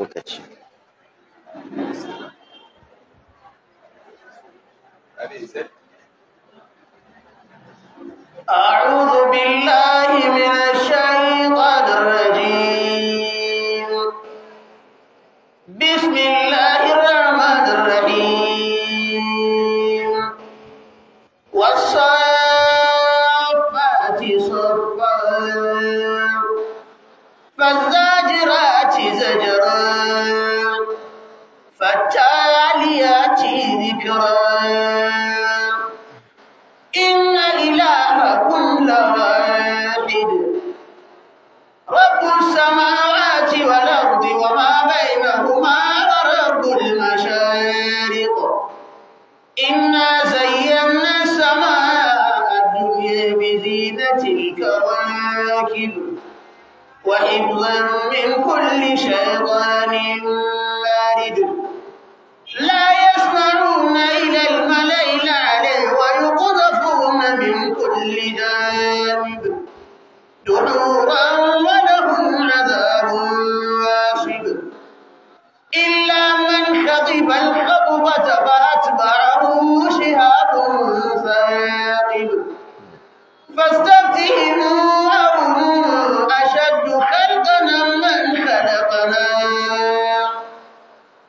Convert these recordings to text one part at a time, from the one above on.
lokaci أعوذ بالله من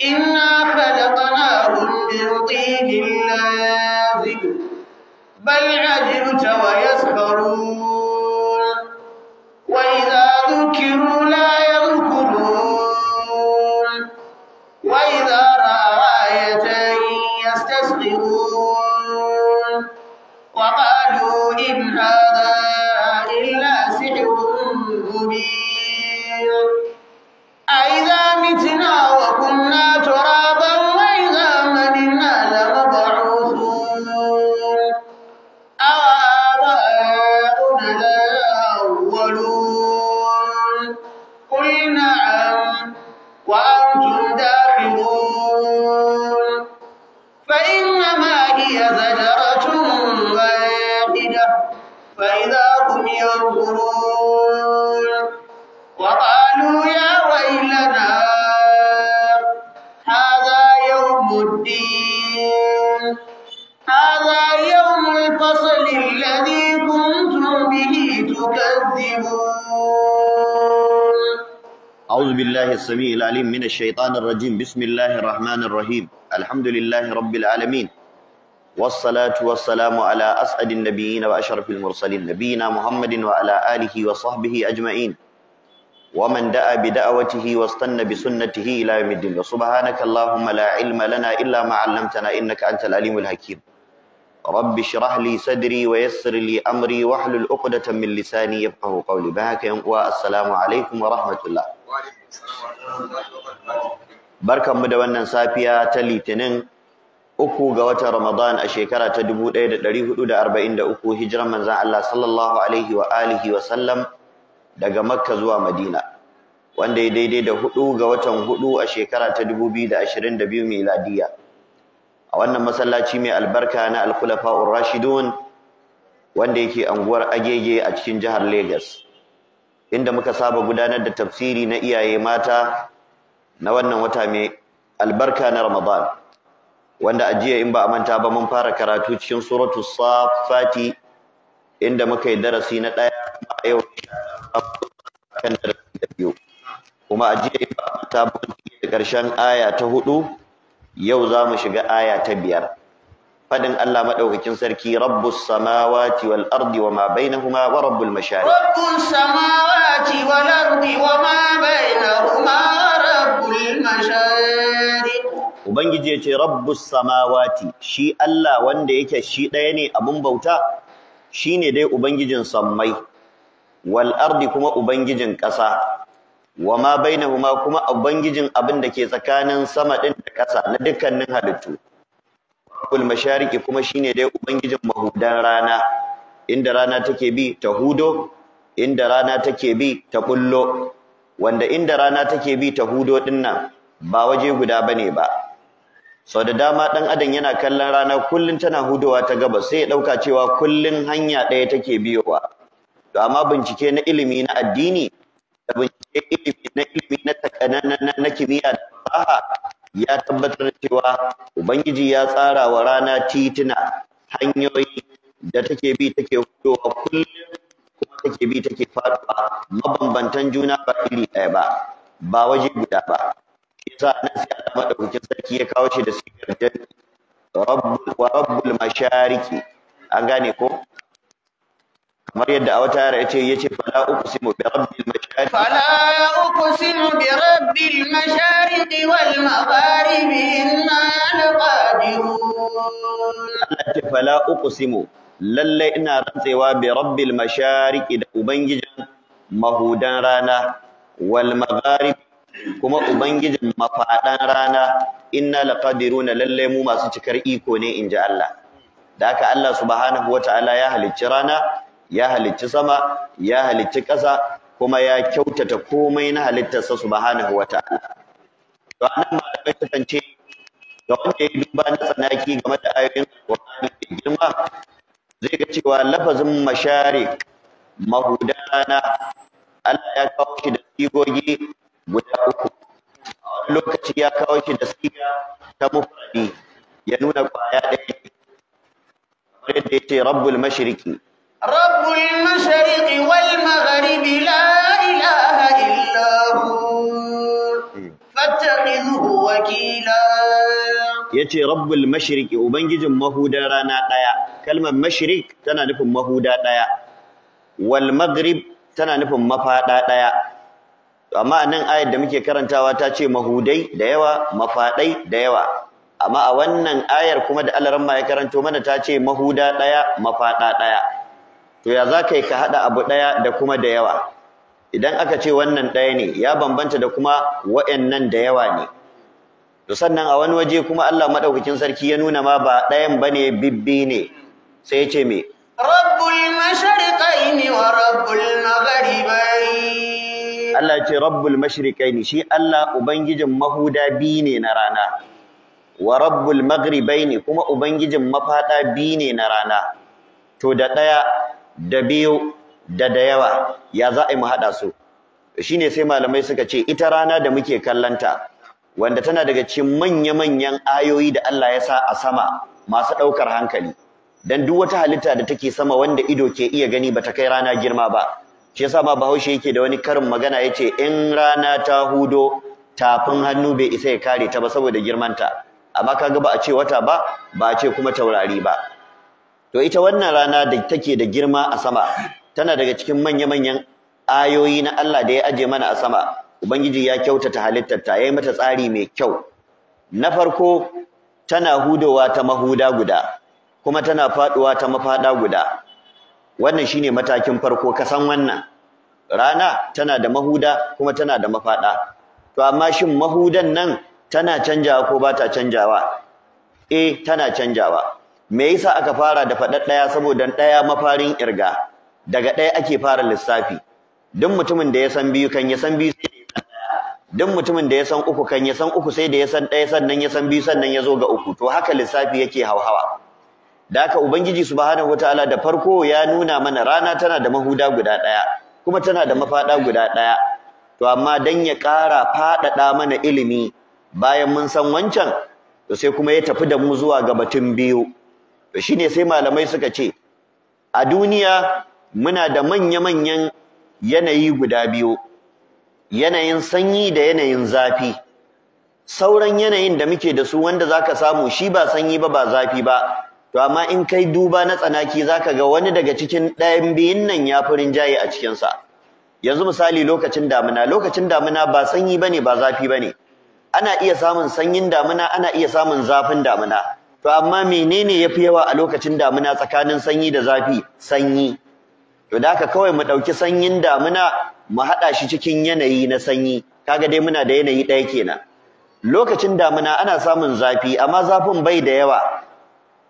إنا خلقناهم من طين لازب بل عجبت ويا السميع العليم من الشيطان الرجيم بسم الله الرحمن الرحيم الحمد لله رب العالمين والصلاة والسلام على أسعد النبيين وأشرف المرسلين نبينا محمد وعلى آله وصحبه أجمعين ومن دعا بدعوته واستنى بسنته إلى يوم الدين وسبحانك اللهم لا علم لنا إلا ما علمتنا إنك أنت العليم الحكيم رب اشرح لي صدري ويسر لي أمري واحلل عقدة من لساني يفقه قولي بهك والسلام عليكم ورحمة الله وعليكم barkan mu da wannan safiya ta litinin uku ga watan ramadan a shekara ta 1443 hijiran manzan Allah sallallahu alaihi wa alihi wa sallam daga makka zuwa madina wanda ya daidai da hudu ga watan hudu a shekara ta 2022 miladiya a wannan masallaci mai albarka na alkhulafa'ur rashidun wanda yake anguwar agege a cikin jihar lagos inda muka saba gudanar da tafsiri na iyaye mata na wannan wata mai albarka na Ramadan wanda a jiya in ba a manta ba mun fara karatu cikin suratu Safati inda muka yi darasi na ɗaya a yau kan darasi da biyu kuma a jiya in ba a manta ba mun da ƙarshen aya ta hudu yau za mu shiga aya ta biyar fadin Allah madaukakin sarki rabbus samawati wal ardi wama bainahuma wa rabbul mashariq rabbus samawati wal ardi wama bainahuma rabbul mashariq ubangiji yace rabbus samawati shi Allah wanda yake shi ɗaya ne abun bauta ne dai ubangijin sammai wal kuma ubangijin ƙasa wama bainahuma kuma ubangijin abin da ke tsakanin sama din da ƙasa na dukkanin halittu rabbul mashariki kuma shine dai ubangijin mahudan rana inda rana take bi ta hudo inda rana take bi ta kullo wanda inda rana take bi ta hudo dinnan ba waje guda bane ba sau da dama dan adam yana kallon rana kullun tana hudowa ta gaba sai ya dauka cewa kullun hanya ɗaya take biyowa to amma bincike na ilimi na addini da bincike na ilimi na na kimiyya da fasaha ya tabbatar cewa ubangiji ya tsara wa rana tituna hanyoyi da take bi take fitowa kullum kuma take bi take faduwa mabambantan juna ba iri ɗaya ba ba waje guda ba shi yasa nan sai Allah madaukakin sarki ya kawo shi da sigar da rabbul mashariki an gane ko kamar yadda a wata yara yace yace fala simo bi rabbil mashariq fala uqsimu bi rabbil mashariq wal magharib inna laqadirun Allah ce fala uqsimu lalle ina rantsewa bi rabbil mashariq da ubangijin mahudan rana wal magharib kuma ubangijin mafadan rana inna laqadiruna lalle mu masu cikar iko ne inji Allah da aka Allah subhanahu wataala ya halicci rana ya halicci sama ya halicci ƙasa kuma ya kyautata komai na halittarsa subhanahu wata'ala to ma malamai sukan ce ga wanda ya duba na tsanaki game da ayoyin Qur'ani da girma zai ga cewa lafazin mashari mahudana Allah ya kawo shi da sigogi guda uku wani lokaci ya kawo shi da siga ta mufradi ya nuna kwaya ɗaya kamar yadda ya ce rabbul mashiriki Rabbul eh. yace rabbul mashriqi ubangijin mahudan rana daya kalmar mashriq tana nufin mahuda daya wal maghrib tana nufin mafada daya amma nan ayar da muke karantawa ta ce mahudai da yawa mafadai da yawa amma a wannan ayar kuma da Allah ramma ya karanto mana ta ce mahuda daya mafada daya to ya za ka yi ka haɗa abu ɗaya da kuma da yawa idan aka ce wannan ɗaya ne ya bambanta da kuma wa'annan da yawa ne to sannan a wani waje kuma Allah madaukakin sarki ya nuna ma ba ɗayan bane bibbi ne sai ya ce me rabbul mashriqaini wa rabbul maghribain Allah ce rabbul mashriqaini shi Allah ubangijin mahuda bi ne na rana wa rabbul ne kuma ubangijin mafada bi ne na rana to da ɗaya da biyu da da yawa ya za a yi mu haɗa su shine sai malamai suka ce ita rana da muke kallanta wanda tana daga cikin manya-manyan ayoyi da Allah ya sa a sama masu ɗaukar hankali dan duk wata halitta da take sama wanda ido ke iya gani bata kai rana girma ba shi yasa ma Bahaushe yake da wani karin magana ya ce in rana ta hudo tafin hannu bai isa ya kare ta ba saboda girmanta amma kaga ba a ce wata ba ba a ce kuma taurari ba to ita wannan rana da take da girma a sama tana daga cikin manya-manyan ayoyi na Allah da ya aje mana a sama ubangiji ya kyautata halittarta yayi mata tsari mai kyau na farko tana hudowa ta mahuda guda kuma tana faduwa ta mafada guda wannan shine matakin farko kasan wannan rana tana da mahuda kuma tana da mafada to amma shin mahudan nan tana canjawa ko ba ta canjawa eh tana canjawa me yasa aka fara da faɗar ɗaya saboda ɗaya mafarin irga daga ɗaya ake fara lissafi duk mutumin da ya san biyu kan ya san biyu sai da ya san duk mutumin da ya san uku kan ya san uku sai da ya san ɗaya sannan ya san biyu sannan ya zo ga uku to haka lissafi yake hauhawa da haka ubangiji subhanahu wataala da farko ya nuna mana rana tana da mahuda guda ɗaya kuma tana da mafada guda ɗaya to amma dan ya ƙara faɗaɗa mana ilimi bayan mun san wancan to sai kuma ya tafi da mu zuwa ga batun biyu to shine sai malamai suka ce a duniya muna da manya-manyan yanayi guda biyu yanayin sanyi da yanayin zafi sauran yanayin da muke da su wanda zaka samu shi ba sanyi ba ba zafi ba to amma in kai duba na tsanaki zaka ga wani daga cikin ɗayan biyun nan ya fi rinjaye a cikinsa yanzu misali lokacin damina lokacin damina ba sanyi bane ba zafi bane ana iya samun sanyin damina ana iya samun zafin damina to amma menene yafi yawa a lokacin damuna tsakanin sanyi da zafi sanyi to da haka kawai mu dauki sanyin damuna mu hada shi cikin yanayi na sanyi kaga dai muna da yanayi ɗaya kenan lokacin damuna ana samun zafi amma zafin bai da yawa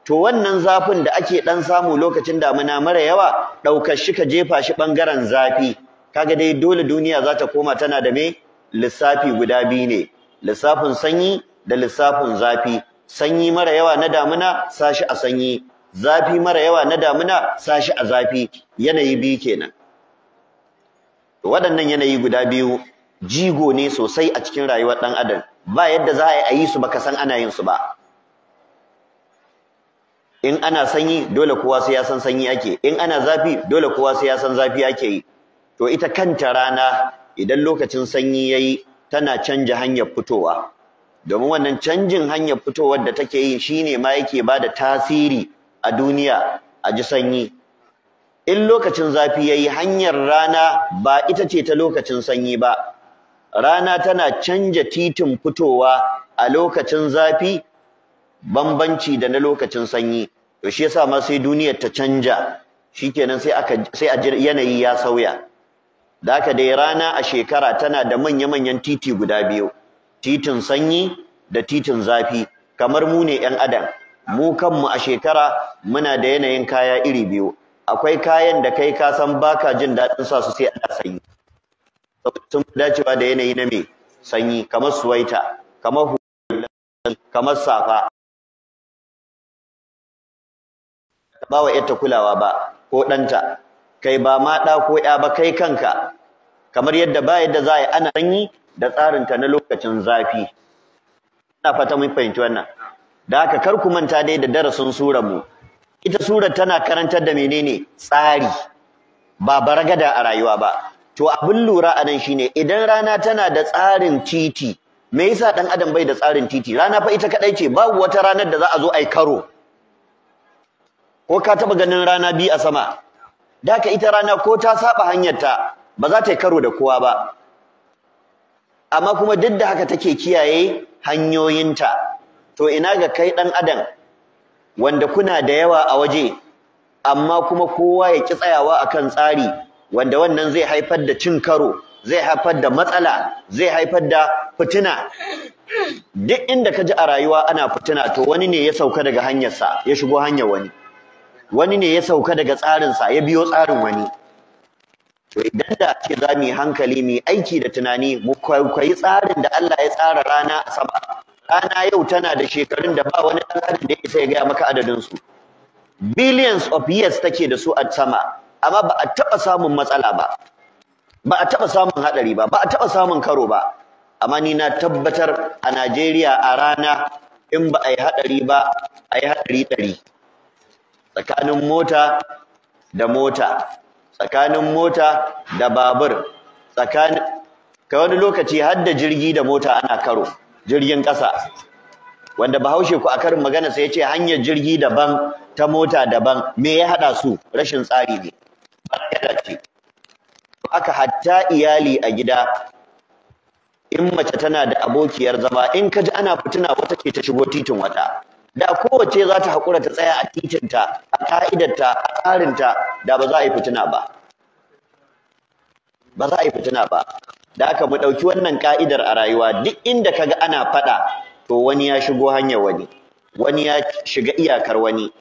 to wannan zafin da ake dan samu lokacin damuna mara yawa daukar shi ka jefa shi bangaren zafi kaga dai dole duniya za ta koma tana da me lissafi guda biyu ne lissafin sanyi da lissafin zafi sanyi mara yawa na damuna sashi a sanyi zafi mara yawa na damuna sashi a zafi yanayi biyu kenan waɗannan yanayi guda biyu jigo ne sosai a cikin rayuwar ɗan adam ba yadda za a yi su baka san ana yin su ba in ana sanyi dole kowa sai ya san sanyi ake in ana zafi dole kowa sai ya san zafi ake yi to ita kanta rana idan lokacin sanyi yayi tana canja hanyar fitowa domin wannan canjin hanyar fitowar da take yi shine ma yake bada tasiri a duniya a ji sanyi in lokacin zafi yayi hanyar rana ba ita ce ta lokacin sanyi ba rana tana canja titin fitowa a lokacin zafi bambanci da na lokacin sanyi to shi yasa ma sai duniyar ta canja shikenan sai aka sai a yanayi ya sauya da haka dai rana a shekara tana da manya-manyan titi guda biyu titin sanyi da titin zafi kamar mu ne ƴan adam mu kanmu a shekara muna da yanayin kaya iri biyu akwai kayan da kai ka san baka jin daɗin sa su sai ana sanyi sun dacewa da yanayi na me sanyi kamar suwaita kamar hula kamar safa ba wa ita kulawa ba ko ɗanta kai ba ma ɗa ko ya ba kai kanka kamar yadda ba yadda za a yi ana sanyi da tsarinta na lokacin zafi ina fata mun fahimci wannan da haka kar ku manta dai da darasin surar mu ita surar tana karantar da menene tsari ba baragada a rayuwa ba to abin lura a nan shine idan rana tana da tsarin titi me yasa dan adam bai da tsarin titi rana fa ita kadai ce babu wata ranar da za a zo ai karo ko ka taba ganin rana bi a sama da ita rana ko ta saba hanyarta ba za ta yi karo da kowa ba amma kuma duk da haka take kiyaye hanyoyinta to ina ga kai ɗan adam wanda kuna da yawa a waje amma kuma kowa ya ki tsayawa akan tsari wanda wannan zai haifar da cin karo zai haifar da matsala zai haifar da fitina duk inda ka ji a rayuwa ana fitina to wani ne ya sauka daga hanyarsa ya shigo hanyar wani wani ne ya sauka daga tsarinsa ya biyo tsarin wani to idan da ce za mu yi hankali mu yi aiki da tunani mu kwaikwayi tsarin da Allah ya tsara rana a sama rana yau tana da shekarun da ba wani tsarin da ya gaya maka adadin su billions of years take da su a sama amma ba a taɓa samun matsala ba ba a taɓa samun haɗari ba ba a taɓa samun karo ba amma ni na tabbatar a Najeriya a rana in ba a yi haɗari ba a yi haɗari ɗari tsakanin mota da mota tsakanin mota da babur tsakanin kai wani lokaci har da jirgi da mota ana karo jirgin ƙasa wanda bahaushe ku a karin magana sai ya ce hanyar jirgi daban ta mota daban me ya haɗa su rashin tsari ne ce aka hatta iyali a gida in mace tana da abokiyar zama in kaji ana fituna wata ke ta shigo titin wata da kowace za ta haƙura ta tsaya a titinta a ka'idarta a tsarinta da ba za a yi fitina ba ba za a yi fitina ba da aka mu ɗauki wannan ka'idar a rayuwa duk inda ka ga ana faɗa to wani ya shigo hanyar wani wani ya shiga iyakar wani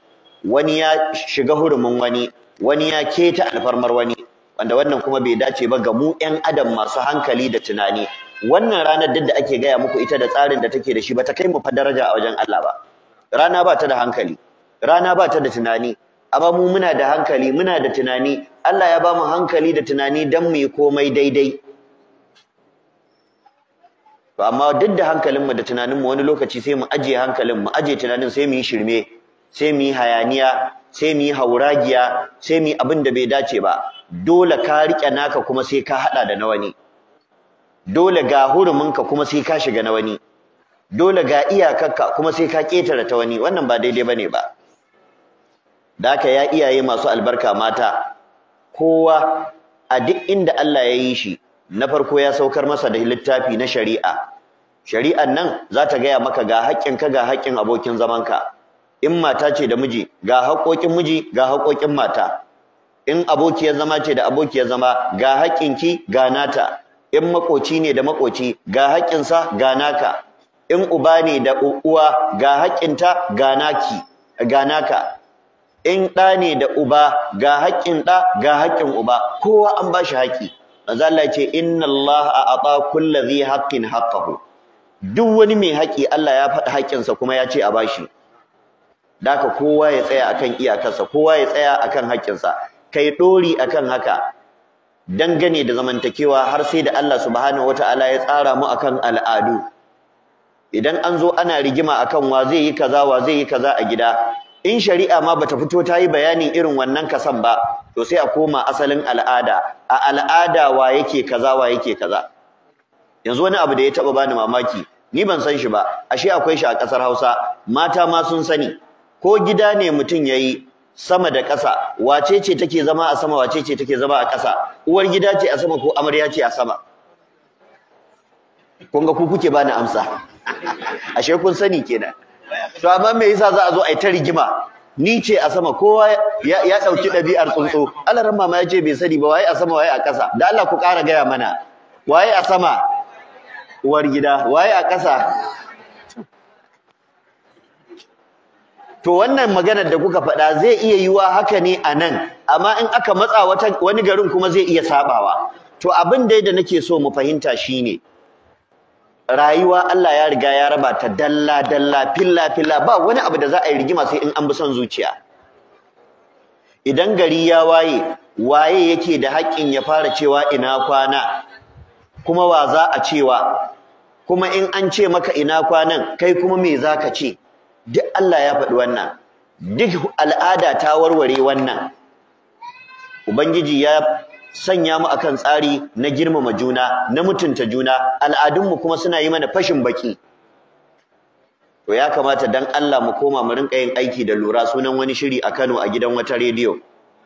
wani ya shiga hurumin wani wani ya keta alfarmar wani wanda wannan kuma bai dace ba ga mu 'yan adam masu hankali da tunani wannan ranar duk da ake gaya muku ita da tsarin da take da shi ba ta kai mu fa daraja a wajen Allah ba rana ba ta da hankali rana ba ta da tunani amma mu muna da hankali muna da tunani Allah ya ba mu hankali da tunani dan mu yi komai daidai to amma duk da hankalin mu da tunanin mu wani lokaci sai mu aje hankalin mu aje tunanin sai mu yi shirme sai mu yi hayaniya sai mu yi hauragiya sai mu yi abin da bai dace ba dole ka rike naka kuma sai ka hada da na wani dole ga hurumin ka kuma sai ka shiga na wani dole ga iyakarka kuma sai ka ƙetare ta wani wannan ba daidai bane ba da haka ya iyaye masu albarka mata kowa a duk inda Allah ya yi shi na farko ya saukar masa da littafi na shari'a shari'an nan za ta gaya maka ga ka ga haƙƙin abokin zamanka in mata ce da miji ga haƙoƙin miji ga haƙoƙin mata in abokiyar zama ce da abokiyar zama ga haƙƙinki ga nata in makoci ne da makoci ga haƙƙinsa ga naka in uba ne da uwa ga haƙinta ga naki ga naka in ɗa ne da uba ga haƙin ɗa ga haƙin uba kowa an ba shi haƙƙi manzo Allah ce inna Allah a'ata kulli dhi haqqin haqqahu duk wani mai haƙƙi Allah ya faɗi haƙinsa kuma ya ce a bashi daka kowa ya tsaya akan iyakarsa kowa ya tsaya akan haƙƙinsa kai dori akan haka dangane da zamantakewa har sai da Allah subhanahu wataala ya tsara mu akan al'adu idan an zo ana rigima akan wa zai yi kaza wa zai yi kaza a gida in shari'a ma bata fito ta yi bayanin irin wannan kasan ba to sai a koma asalin al'ada a al'ada wa yake kaza wa yake kaza yanzu wani abu da ya taba bani mamaki ni ban san shi ba ashe akwai shi a kasar Hausa mata ma sun sani ko gida ne mutum yayi sama da ƙasa wace ce take zama a sama wace ce take zama a ƙasa uwar gida ce a sama ko amarya ce a sama Kunga ga ku kuke bani amsa ashe kun sani kenan to amma me yasa za a zo a ta rigima ni ce a sama kowa ya ya dauki dabi'ar tsuntsu Allah ran mama ya ce bai sani ba waye a sama waye a ƙasa da Allah ku ƙara gaya mana waye a sama uwar gida waye a ƙasa to wannan maganar da kuka faɗa zai iya yiwa haka ne a nan amma in aka matsa wani garin kuma zai iya sabawa to abin dai da nake so mu fahimta shine rayuwa Allah ya riga ya raba ta dalla dalla filla filla ba wani abu da za a yi rigima sai in an bi son zuciya idan gari ya waye waye yake da haƙƙin ya fara cewa ina kwana kuma wa za a cewa kuma in an ce maka ina kwanan kai kuma me za ka ce duk Allah ya faɗi wannan duk al'ada ta warware wannan ubangiji ya sanya mu akan tsari na girmama juna na mutunta juna al'adunmu kuma suna yi mana fashin baki to ya kamata dan Allah mu koma mu rinka yin aiki da lura sunan wani shiri a Kano a gidan wata rediyo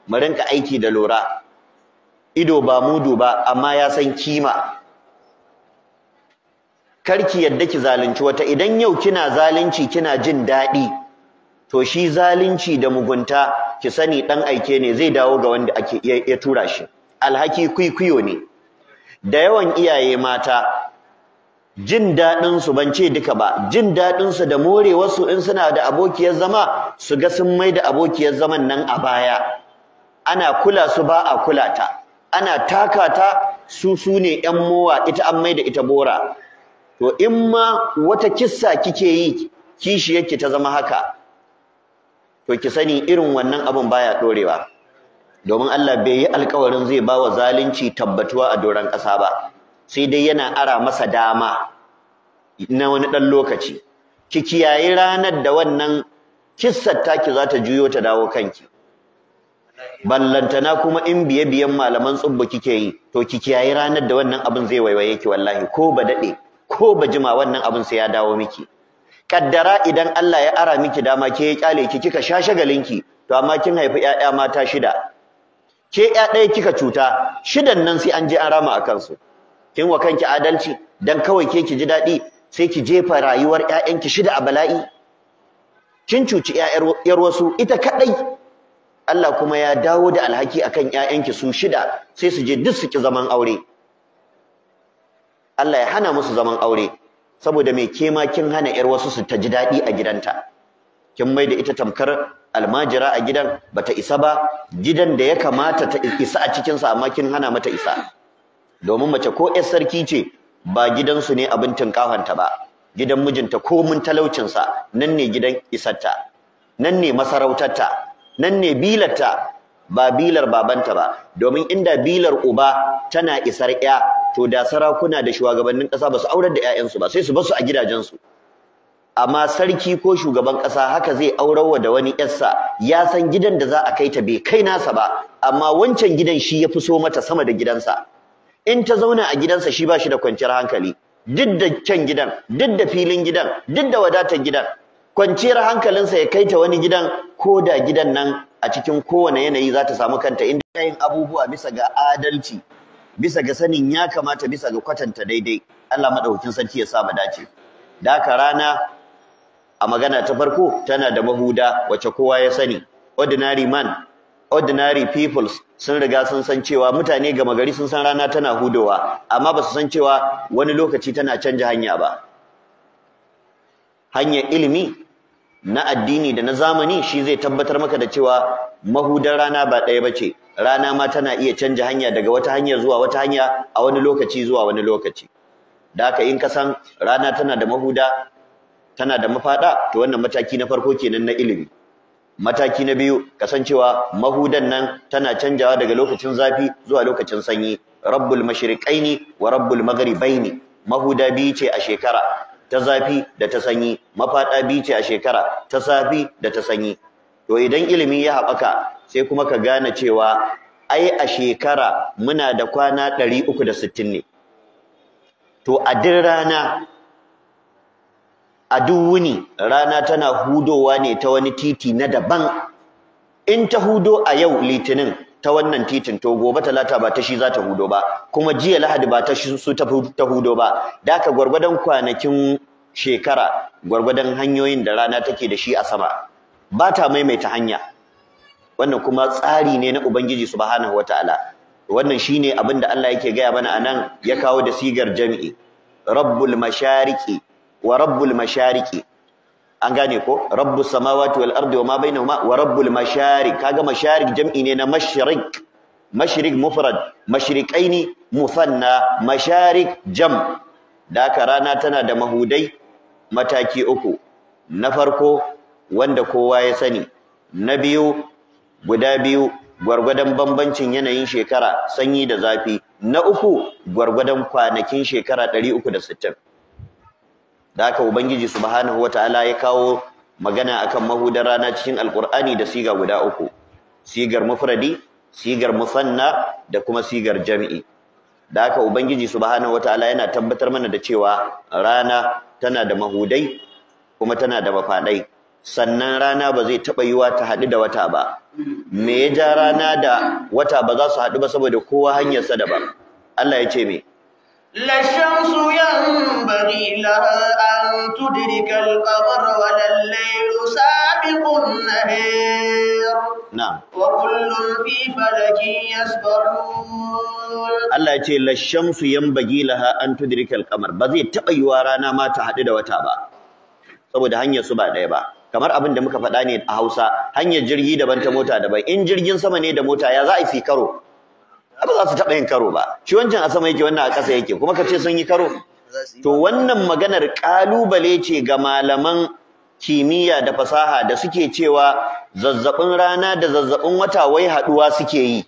mu rinka aiki da lura ido ba mudu ba amma ya san kima karki yadda ki zalunci wata idan yau kina zalunci kina jin daɗi to shi zalunci da mugunta ki sani dan aike ne zai dawo ga wanda ake ya tura shi alhaki kwikwiyo ne da yawan iyaye mata jin daɗinsu ban ce duka ba jin daɗinsu da more wasu in suna da abokiyar zama su ga sun mai da abokiyar zaman nan a baya ana kula su ba a kula ta ana taka ta su su ne ƴan mowa ita an mai da ita bora to in ma wata kissa kike yi kishiyarki ta zama haka to ki sani irin wannan abin baya ɗorewa domin Allah bai yi alkawarin zai ba wa zalunci tabbatuwa a doron ƙasa ba sai dai yana ara masa dama na wani ɗan lokaci ki kiyayi ranar da wannan kissar taki za ta juyo ta dawo kanki ballantana kuma in biye biyan malaman tsubbu kike yi to ki kiyayi ranar da wannan abin zai waiwaye ki wallahi ko ba dade ko ba jima wannan abin sai ya dawo miki kaddara idan Allah ya ara miki dama ke ya kyale ki kika shashagalinki to amma kin haifi 'ya'ya mata shida ke ya ɗaya kika cuta shidan nan sai an je an rama a kansu kin wa kanki adalci dan kawai ke ki ji daɗi sai ki jefa rayuwar ƴaƴanki shida a bala'i kin cuci ƴaƴar wasu ita kaɗai Allah kuma ya dawo da alhaki akan ƴaƴanki su shida sai su je duk su ki zaman aure Allah ya hana musu zaman aure saboda me ke ma kin hana ƴar wasu su ta ji daɗi a gidanta kin mai da ita tamkar almajira a gidan bata isa ba gidan da ya kamata ta isa a cikin sa amma kin hana mata isa domin mace ko ƴar sarki ce ba gidan su ne abin tinkahanta ba gidan mijinta ko mun talaucin sa nan ne gidan isarta nan ne masarautarta nan ne bilarta ba bilar babanta ba domin inda bilar uba tana isar ƴa to da sarakuna da shugabannin ƙasa ba su aurar da ƴaƴansu ba sai su basu a gidajensu amma sarki ko shugaban ƙasa haka zai aurawa da wani yarsa ya san gidan da za a kai ta bai kai nasa ba amma wancan gidan shi ya fi so mata sama da gidansa in ta zauna a gidansa shi ba shi da kwanciyar hankali duk da can gidan duk da filin gidan duk da wadatar gidan kwanciyar hankalinsa ya kai ta wani gidan ko da gidan nan a cikin kowane yanayi za ta samu kanta inda yin abubuwa bisa ga adalci bisa ga sanin ya kamata bisa ga kwatanta daidai Allah madaukin sarki ya sa mu dace da haka rana a magana ta farko tana da mahuda wacce kowa ya sani ordinary man ordinary peoples sun riga sun san cewa mutane gama gari sun san rana tana hudowa amma ba su san cewa wani lokaci tana canja hanya ba hanyar ilimi na addini da na zamani shi zai tabbatar maka da cewa mahudar rana ba ɗaya ba ce rana ma tana iya canja hanya daga wata hanya zuwa wata hanya a wani lokaci zuwa wani lokaci da haka in ka san rana tana da mahuda tana da mafada to wannan mataki na farko kenan na ilimi mataki na biyu kasancewa mahudan nan tana canjawa daga lokacin zafi zuwa lokacin sanyi rabbul mashriqaini wa rabbul maghribaini mahuda biyu ce a shekara ta zafi da ta sanyi mafada biyu ce a shekara ta zafi da ta sanyi to idan ilimi ya haɓaka sai kuma ka gane cewa ai a shekara muna da kwana 360 ne to a din rana a duk wuni rana tana hudowa ne ta wani titi na daban in ta hudo a yau litinin ta wannan titin to gobe talata ba ta shi za ta hudo ba kuma jiya lahadi ba ta shi su ta hudo ba Daka gwargwadon kwanakin shekara gwargwadon hanyoyin da rana take da shi a sama ba ta maimaita hanya wannan kuma tsari ne na ubangiji subhanahu wataala wannan shine abin da Allah yake gaya mana anan ya kawo da sigar jami'i rabbul mashariqi wa rabbul mashariqi an gane ko rabbus samawati wal ardi wama bainahuma wa rabbul mashariq kaga mashariq jam'i ne na mashriq mashriq mufrad mashriqaini musanna mashariq jam da ka rana tana da mahudai mataki uku na farko wanda kowa ya sani na biyu guda biyu gwargwadon bambancin yanayin shekara sanyi da zafi na uku gwargwadon kwanakin shekara 360 da aka ubangiji subhanahu wataala ya kawo magana akan mahudar rana cikin alqur'ani da siga guda uku sigar mufradi sigar musanna da kuma sigar jami'i da aka ubangiji subhanahu wataala yana tabbatar mana da cewa rana tana da mahudai kuma tana da mafadai sannan rana ba zai taba yiwa ta hadu da wata ba me ya ja rana da wata ba za su hadu ba saboda kowa hanyar hanyarsa ba? Allah ya ce me للشمس ينبغي لها أن تدرك القمر ولا الليل سابق النهير نعم وكل في فلك يسبحون الله يقول للشمس ينبغي لها أن تدرك القمر بذي تقي ورانا ما تحدد وتابع saboda hanyar يسبع ديبا kamar abin da muka faɗa ne a Hausa hanyar jirgi daban ta mota daban in jirgin sama ne da mota ya za a fi karo ba za su taɓa yin karo ba shi wancan a sama yake wannan a ƙasa yake kuma ka ce sun yi karo to wannan maganar ƙalubale ce ga malaman kimiyya da fasaha da suke cewa zazzabin rana da zazzabin wata wai haɗuwa suke yi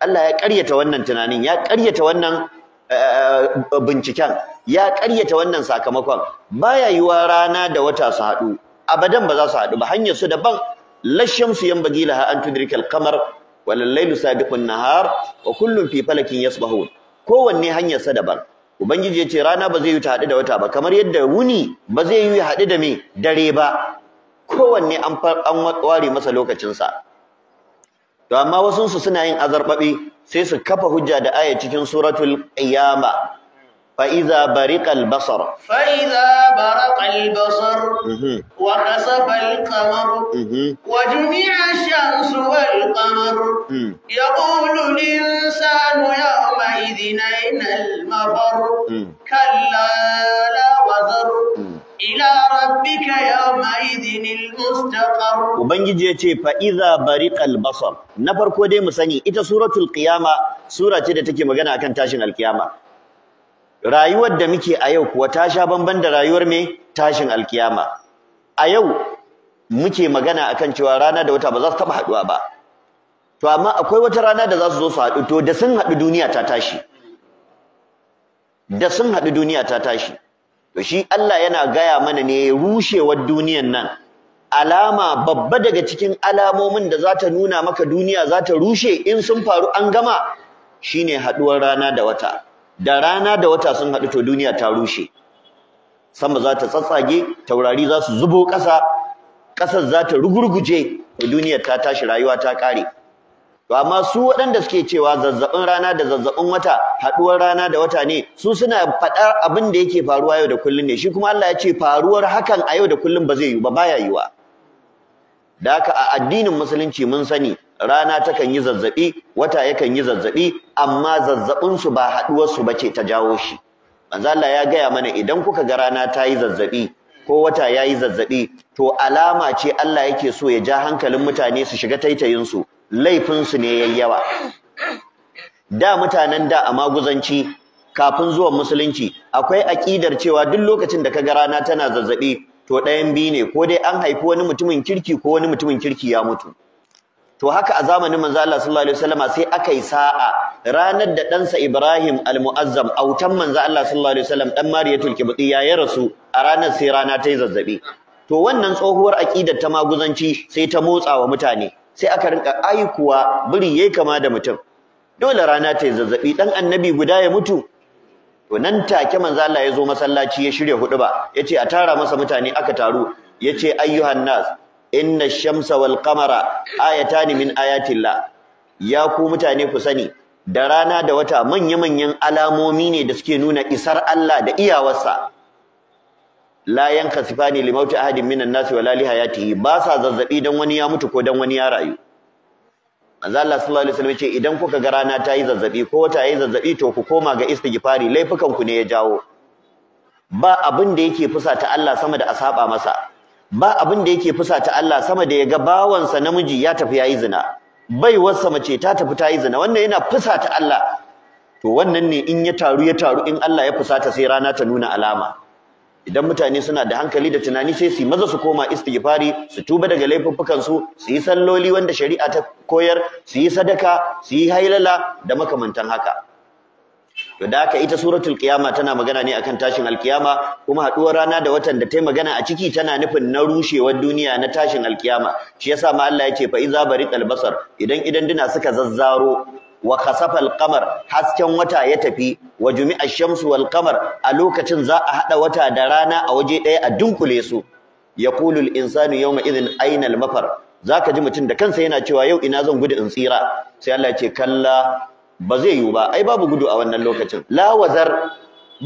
Allah ya ƙaryata wannan tunanin ya ƙaryata wannan eh, eh, binciken ya ƙaryata wannan sakamakon baya yiwa rana da wata su haɗu abadan ba za su haɗu ba hanyar su daban lashamsu yanbaghi laha an tudrikal kamar. walallailu sabiqun nahar wa kullun fi falakin yasbahun kowanne hanyar sa daban ubangiji ya ce rana ba zai yi ta da wata ba kamar yadda wuni ba zai yi haɗu da me dare ba kowanne an an ware masa lokacin sa to amma wasu su suna yin azarbabe sai su kafa hujja da aya cikin suratul qiyama فإذا برق البصر فإذا برق البصر وخسف القمر وجمع الشمس والقمر يقول الإنسان يومئذ أين المفر كلا لا وزر إلى ربك يومئذ المستقر وبنجي يتي فإذا برق البصر نفر كودي مساني إتا سورة القيامة سورة تتكي مغانا أكن تاشن القيامة rayuwar da muke a yau kuwa ta sha bamban da rayuwar me tashin alkiyama a yau muke magana akan cewa rana da wata ba za su taba haduwa ba to amma akwai wata rana da za su zo su haɗu to da sun haɗu duniya ta tashi da sun haɗu duniya ta tashi to shi Allah yana gaya mana ne rushewar duniyan nan alama babba daga cikin alamomin da za ta nuna maka duniya za ta rushe in sun faru an gama shine haɗuwar rana da wata da rana da wata sun haɗu to duniya ta rushe sama za ta tsatsage taurari za su zubo ƙasa ƙasar za ta rugurguje to duniyar ta tashi rayuwa ta ƙare to amma su waɗanda suke cewa zazzaɓin rana da zazzabin wata haɗuwar rana da wata ne su suna faɗar abin da yake faruwa yau da kullum ne shi kuma Allah ya ce faruwar hakan a yau da kullum ba zai yiwu ba baya yiwuwa da haka a addinin musulunci mun sani rana takan yi zazzabi wata yakan yi zazzabi amma zazzabin su ba haduwar su bace ta jawo shi manzo Allah ya gaya mana idan kuka ga rana ta yi zazzabi ko wata ya yi zazzabi to alama ce Allah yake so ya ja hankalin mutane su shiga taitayin su laifin su ne yayyawa da mutanen da a maguzanci kafin zuwan musulunci akwai aƙidar cewa duk lokacin da kaga rana tana zazzabi to ɗayan biyu ne ko dai an haifi wani mutumin kirki ko wani mutumin kirki ya mutu to haka a zamanin manzo Allah sallallahu alaihi wasallama sai aka yi sa'a ranar da ɗansa Ibrahim al-Mu'azzam autan manzo Allah sallallahu alaihi wasallam dan Mariyatul Kibtiyya ya rasu a ranar sai rana ta yi zazzabi to wannan tsohuwar aqidar ta maguzanci sai ta motsa wa mutane sai aka rinka aikuwa buri yayi kama da mutum dole rana ta yi zazzabi dan annabi guda ya mutu to nan take manzo Allah ya zo masallaci ya shirya huduba yace a tara masa mutane aka taru yace ayyuhan nas inna shamsa wal qamara ayatani min ayatillah ya ku mutane ku sani da rana da wata manya manyan alamomi ne da suke nuna isar Allah da iyawarsa la yankasifani li ahadin minan nas wala lihayatihi ba sa zazzabi dan wani ya mutu ko dan wani ya rayu manzo Allah sallallahu alaihi wasallam ce idan kuka ga rana ta yi zazzabi ko wata yi zazzabi to ku koma ga istighfari laifukan ku ne ya jawo ba abin da yake fusata Allah sama da asaba masa ba abin da yake fusata Allah sama da ya ga bawansa namiji ya tafi yayi zina bai wasa mace ta tafi ta yi zina wannan yana fusata Allah to wannan ne in ya taru ya taru in Allah ya fusata sai rana ta nuna alama idan mutane suna da hankali da tunani sai su maza su koma istighfari su tuba daga laifuffukan su su yi salloli wanda shari'a ta koyar su yi sadaka su yi hailala da makamantan haka to da haka ita suratul qiyama tana magana ne akan tashin alkiyama kuma haduwar rana da watan da yi magana a ciki tana nufin na rushewar duniya na tashin alkiyama shi yasa ma Allah yake fa iza bariqal basar idan idan duna suka zazzaro wa kasafal kamar hasken wata ya tafi wa jumi'a Shamsuwal shamsu wal qamar a lokacin za a hada wata da rana a waje daya a dunkule su yaqulu al-insanu yawma idhin ayna al-mafar zaka ji mutun da kansa yana cewa yau ina zan gudu in tsira sai Allah ya ce kalla ba zai yiwu ba ai babu gudu a wannan lokacin la wazar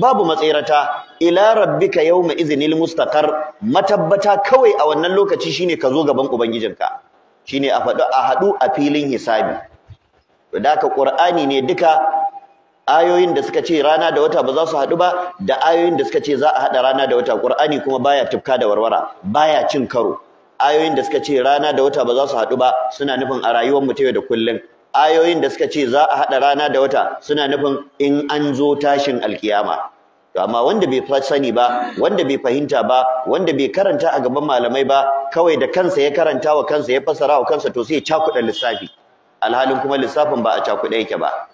babu matsirata ila rabbika yawma al mustaqar matabbata kawai a wannan lokaci shine ka zo gaban ubangijinka shine a faɗu a haɗu a filin hisabi da haka qur'ani ne duka ayoyin da suka ce rana da wata ba za su haɗu ba da ayoyin da suka ce za a haɗa rana da wata ƙur'ani kuma baya tufka da warwara baya cin karo ayoyin da suka ce rana da wata ba za su haɗu ba suna nufin a rayuwar mu ta yau da kullum ayoyin da suka ce za a haɗa rana da wata suna nufin in an zo tashin alkiyama to amma wanda bai fa sani ba wanda bai fahimta ba wanda bai karanta a gaban malamai ba kawai da kansa ya karanta wa kansa ya fassara wa kansa to sai ya cakuɗa lissafi alhalin kuma lissafin ba a cakuɗe yake ba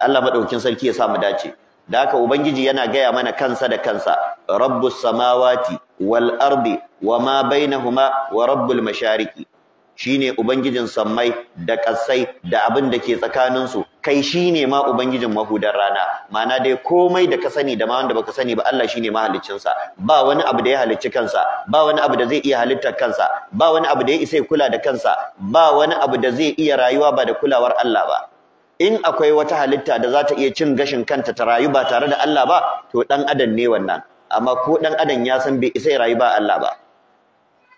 Allah madaukin sarki ya sa mu dace da haka ubangiji yana gaya mana kansa da kansa rabbus samawati wal ardi wama bainahuma wa rabbul mashariqi shine ubangijin sammai da kasai da abin da ke tsakanin su kai shi ne ma ubangijin mahudar rana mana dai komai da ka sani da ma wanda baka sani ba Allah ne mahaliccin sa ba wani abu da ya halicci kansa ba wani abu da zai iya halittar kansa ba wani abu da ya isa kula da kansa ba wani abu da zai iya rayuwa ba da kulawar Allah ba in akwai wata halitta da za ta iya cin gashin kanta ta rayu ba tare da Allah ba to dan adam ne wannan amma ko dan adam ya san bai isa rayu ba Allah ba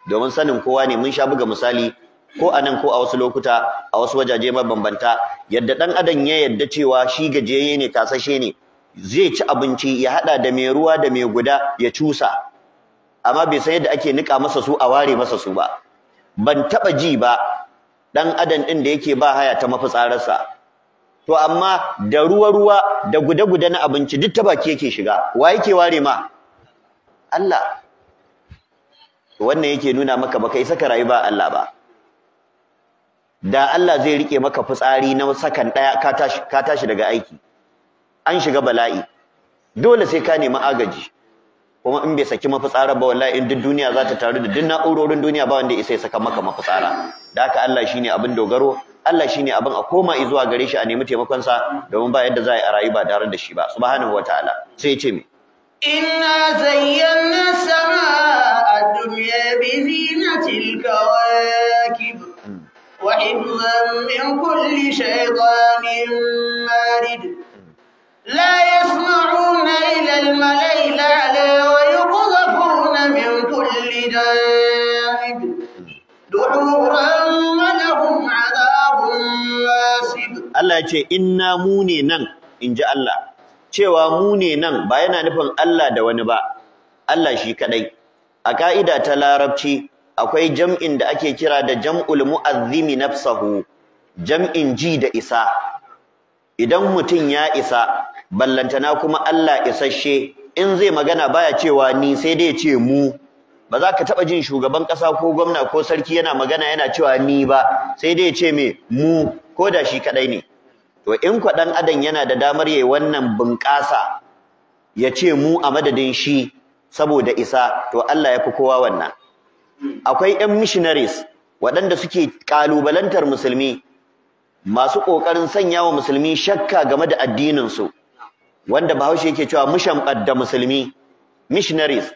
domin sanin kowa ne mun sha buga misali ko a nan ko a wasu lokuta a wasu wajaje mabambanta yadda dan adam ya yadda cewa shi gajeye ne tasashe ne zai ci abinci ya hada da mai ruwa da mai guda ya cusa amma bai san yadda ake nika masa su a ware masa su ba ban taba ji ba dan adam din da yake ba haya ta mafitsararsa to amma da ruwa ruwa da guda guda na abinci duk ta baki yake shiga wa yake ware ma Allah wannan yake nuna maka baka isa ka rayu ba Allah ba da Allah zai rike maka fitsari na sakan daya ka tashi ka tashi daga aiki an shiga bala'i dole sai ka nemi agaji kuma in bai saki mafitsara ba wallahi in duk duniya za ta taru da duk na'urorin duniya ba wanda isa saka maka mafitsara da haka Allah shine abin dogaro Allah shine abin a koma zuwa gare shi a nemi taimakon sa domin ba yadda za a yi a rayu ba tare da shi ba subhanahu wataala sai ya ce me inna zayyana samaa ad-dunya bi zinatil kawakib وحفظا من كل شيطان مارد لا يسمعون إلى الملأ الأعلى ويقذفون من كل جانب دحورا ولهم عذاب واسد الله يقول إنا موني نن إن جاء الله cewa mu ne nan ba yana nufin Allah da wani ba Allah shi kadai a ka'ida ta larabci akwai jam'in da ake kira da jam'ul mu'azzimi nafsahu jam'in ji da isa idan mutum ya isa ballantana kuma Allah isasshe in zai magana baya cewa ni sai dai ce mu ba za ka taɓa jin shugaban ƙasa ko gwamna ko sarki yana magana yana cewa ni ba sai dai ce me mu ko da shi kaɗai ne to in kwa ɗan adam yana da damar yayi wannan bunƙasa ya ce mu a madadin shi saboda isa to Allah ya fi kowa wannan akwai yan missionaries waɗanda suke kalubalantar musulmi masu kokarin sanya wa musulmi shakka game da addinin su wanda Bahaushe yake cewa mushan da musulmi missionaries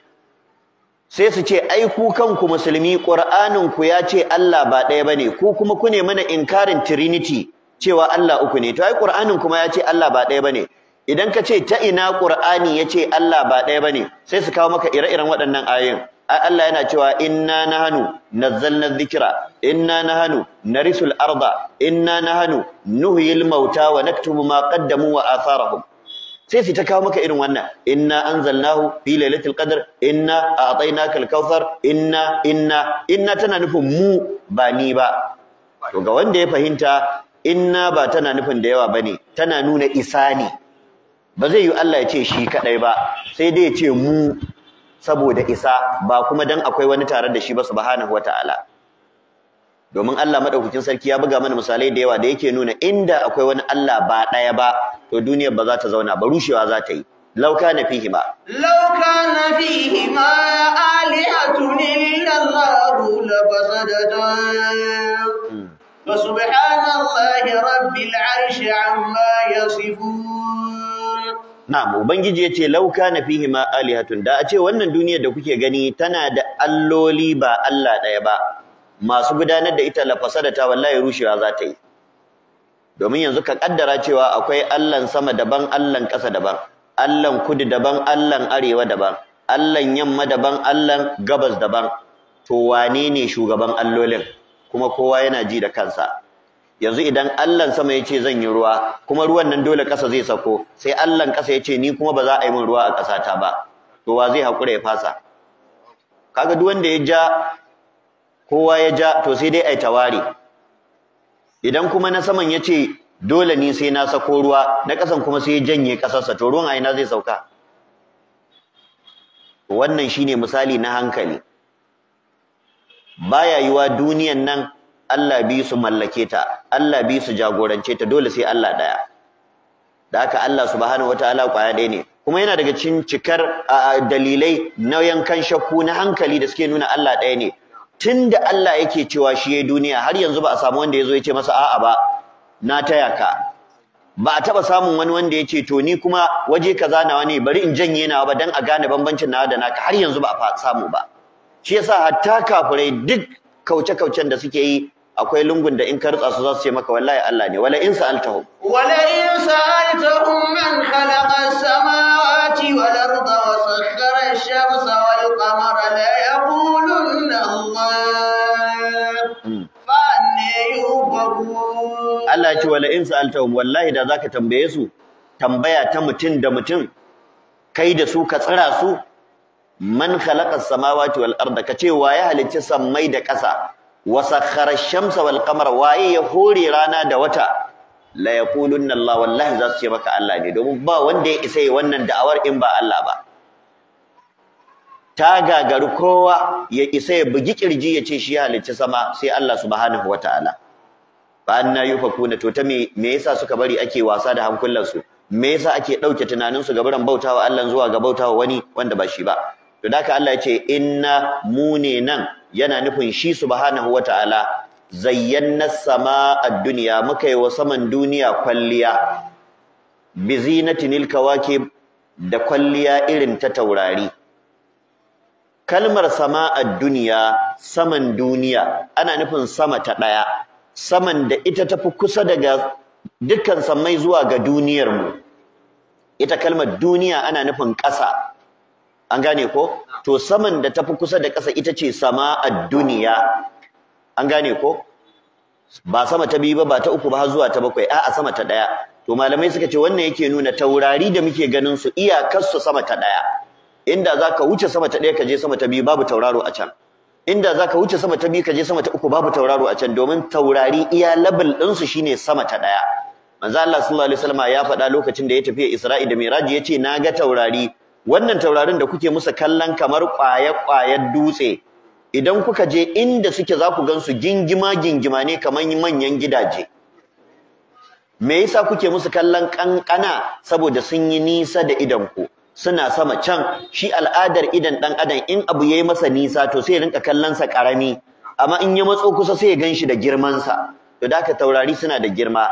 sai su ce ai ku kanku musulmi Qur'anin ku ya ce Allah ba ɗaya bane ku kuma ku ne mana inkarin trinity cewa Allah uku ne to ai Qur'anin kuma ya ce Allah ba ɗaya bane idan ka ce ta ina Qur'ani ya ce Allah ba ɗaya bane sai su kawo maka ire-iren waɗannan ayoyin Allah yana cewa inna nahanu nazzalna dhikra inna nahnu narisul arda inna nahnu nuhyil mauta wa naktubu ma qaddamu wa atharahum sai su ta kawo maka irin wannan inna anzalnahu fi lailatul qadr inna a'tainakal kautsar inna inna inna tana nufin mu ba ni ba to ga wanda ya fahimta inna ba tana nufin da yawa bane tana nuna isa ne ba zai yi Allah ya ce shi kadai ba sai dai ya ce mu saboda isa ba kuma dan akwai wani tare da shi ba subhanahu wataala domin Allah madaukakin sarki ya buga mana misalai da yawa da yake nuna inda akwai wani Allah ba daya ba to duniyar ba za ta zauna ba rushewa za ta yi law kana fihi ma law kana fihi ma alihatun illa la fasadata hmm. wa subhanallahi rabbil arshi amma yasifun na'am ubangiji yace law kana fihi ma alihatun da a ce wannan duniyar da kuke gani tana da alloli ba Allah daya ba masu gudanar da ita lafasada ta wallahi rushewa za ta yi domin yanzu ka kaddara cewa akwai Allahn sama daban Allahn ƙasa daban Allahn kudu daban Allahn arewa daban Allahn yamma daban Allahn gabas daban to wane ne shugaban allolin kuma kowa yana ji da kansa yanzu idan Allahn sama ya ce zan yi ruwa kuma ruwan nan dole ƙasa zai sako sai Allahn ƙasa ya ce ni kuma ba za a yi min ruwa a ƙasata ba to wa zai haƙura ya fasa kaga duk wanda ya ja kowa ya ja to sai dai ai tawari idan kuma na saman ya ce dole ni sai na sako ruwa na ƙasan kuma sai ya janye ƙasarsa to ruwan aina zai sauka wannan shine misali na hankali baya yiwa duniyan nan Allah bi su mallake ta Allah bi su jagorance ta dole sai Allah daya da haka Allah subhanahu wataala kwaya ɗaya ne kuma yana daga cikin cikar dalilai na yankan shakku na hankali da suke nuna Allah daya ne tunda Allah yake cewa shi ya duniya har yanzu ba a samu wanda yazo zo ya ce masa a'a ba na taya ka ba a taba samun wani wanda ya ce to ni kuma waje kaza nawa ne bari in janye nawa ba dan a gane bambancin nawa da naka har yanzu ba a samu ba shi yasa hatta kafurai duk kauce-kaucen da suke yi akwai lungun da in ka rutsa su za su ce maka wallahi Allah ne wala in sa'altahu wala in sa'altahu man khalaqa as-samawati wal arda wa sakhkhara ash-shamsa wal qamara la yaqulunna Allah hmm. fa ne yufakun Allah ya ce wala in sa'altahu wallahi da zaka tambaye su tambaya ta mutun da mutun kai da su ka tsira su man khalaqa as-samawati wal arda kace wa ya halicci sammai da ƙasa wasakhara shamsa wal qamara waye ya hore rana da wata la yaqulunna Allah wallahi za su ce maka Allah ne domin ba wanda ya isa yi wannan da'awar in ba Allah ba ta gagaru kowa ya isa ya bugi kirji ya ce shi ya halicci sama sai Allah subhanahu wataala ba anna yufakuna to ta me me yasa suka bari ake wasa da su me yasa ake dauke tunaninsu ga barin bautawa Allah zuwa ga bautawa wani wanda ba shi ba to da haka Allah ya ce inna mune nan yana nufin shi subhanahu wataala zayyana sama duniya duniya muka yi wa saman duniya kwalliya bi zinatin kawakib da kwalliya irin ta taurari kalmar sama duniya saman duniya ana nufin sama ta daya saman da ita tafi kusa daga dukkan sammai zuwa ga duniyar mu ita kalmar duniya ana nufin ƙasa an gane ko to saman da tafi kusa da ƙasa ita ce sama a duniya an gane ko ba sama ta biyu ba ba ta uku ba har zuwa ta bakwai a'a sama ta daya to malamai suka ce wannan yake nuna taurari da muke ganin su iyakar su sama ta daya inda zaka wuce sama ta daya ka je sama ta biyu babu tauraro a can inda zaka wuce sama ta biyu ka je sama ta uku babu tauraro a can domin taurari iya label din su shine sama ta daya manzo Allah sallallahu alaihi wasallam ya faɗa lokacin da ya tafi Isra'i da Miraji ce na ga taurari wannan taurarin da kuke musu kallon kamar ƙwaye-ƙwayen dutse idan kuka je inda suke za ku gansu gingima gingima ne kamar manyan gidaje me yasa kuke musu kallon ƙanƙana saboda sun yi nisa da idan ku suna sama can shi al'adar idan ɗan adam in abu yayi masa nisa to sai rinka kallon sa karami amma in ya matso kusa sai ya gan shi da girman sa to da ka taurari suna da girma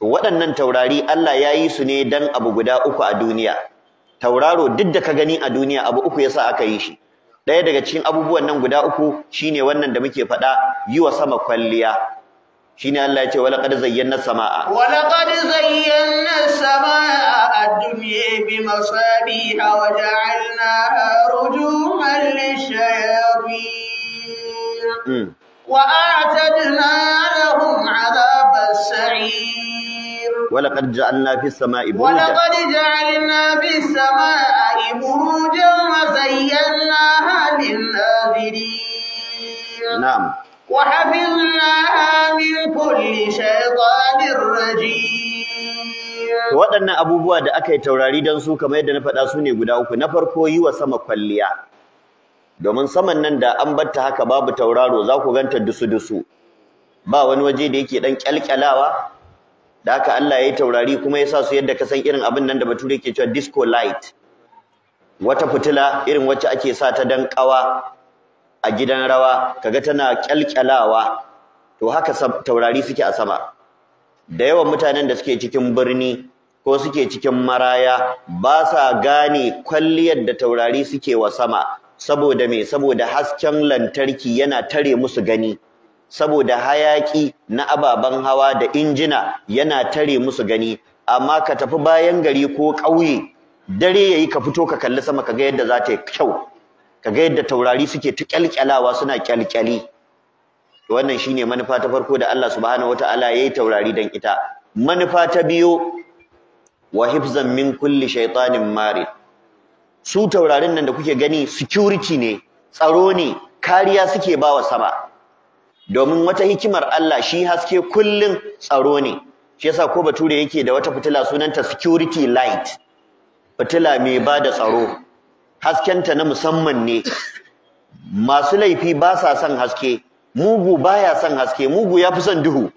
waɗannan taurari Allah ya yi su ne dan abu guda uku a duniya tauraro duk da ka gani a duniya abu uku yasa aka yi shi ɗaya daga cikin abubuwan nan guda uku shine wannan da muke faɗa yi wa sama kwalliya shine Allah ya ce wala qad zayyana samaa wala qad zayyana samaa ad-dunya bi masabiha wa ja'alnaha rujuman lishayatin mm. وأعتدنا لهم عذاب السعير ولقد جعلنا في السماء بروجا ولقد جعلنا في السماء بروجا وزيناها للناظرين نعم وحفظناها من كل شيطان رجيم waɗannan abubuwa da aka yi taurari don su kamar yadda na faɗa su ne guda uku na farko yi wa sama kwalliya domin saman nan da an batta haka babu tauraro za ku ganta dusu-dusu ba wani waje da yake dan kyalkyalawa da haka Allah ya yi taurari kuma ya sa su yadda ka san irin abin nan da bature ke cewa disco light wata fitila irin wacce ake sa ta dan kawa a gidan rawa kaga tana kyalkyalawa to haka taurari suke a sama da yawan mutanen da suke cikin birni ko suke cikin maraya ba sa gane kwalliyar da taurari suke wa sama saboda me saboda hasken lantarki yana tare musu gani saboda hayaki na ababen hawa da injina yana tare musu gani amma ka tafi bayan gari ko ƙauye dare yayi ka fito ka kalli sama kaga yadda za ta yi kyau kaga yadda taurari suke ta kyalkyalawa suna kyalkyali wannan shine manufa ta farko da Allah subhanahu wataala yayi taurari dan ita manufa ta biyo wa hifzan min kulli shaytanin marid su taurarin nan da kuke gani security ne tsaro ne kariya suke bawa sama domin wata hikimar Allah shi haske kullun tsaro ne shi yasa ko bature yake da wata fitila sunanta security light fitila mai bada tsaro Hasken ta na musamman ne masu laifi ba sa son haske mugu baya son haske mugu yafi fi son duhu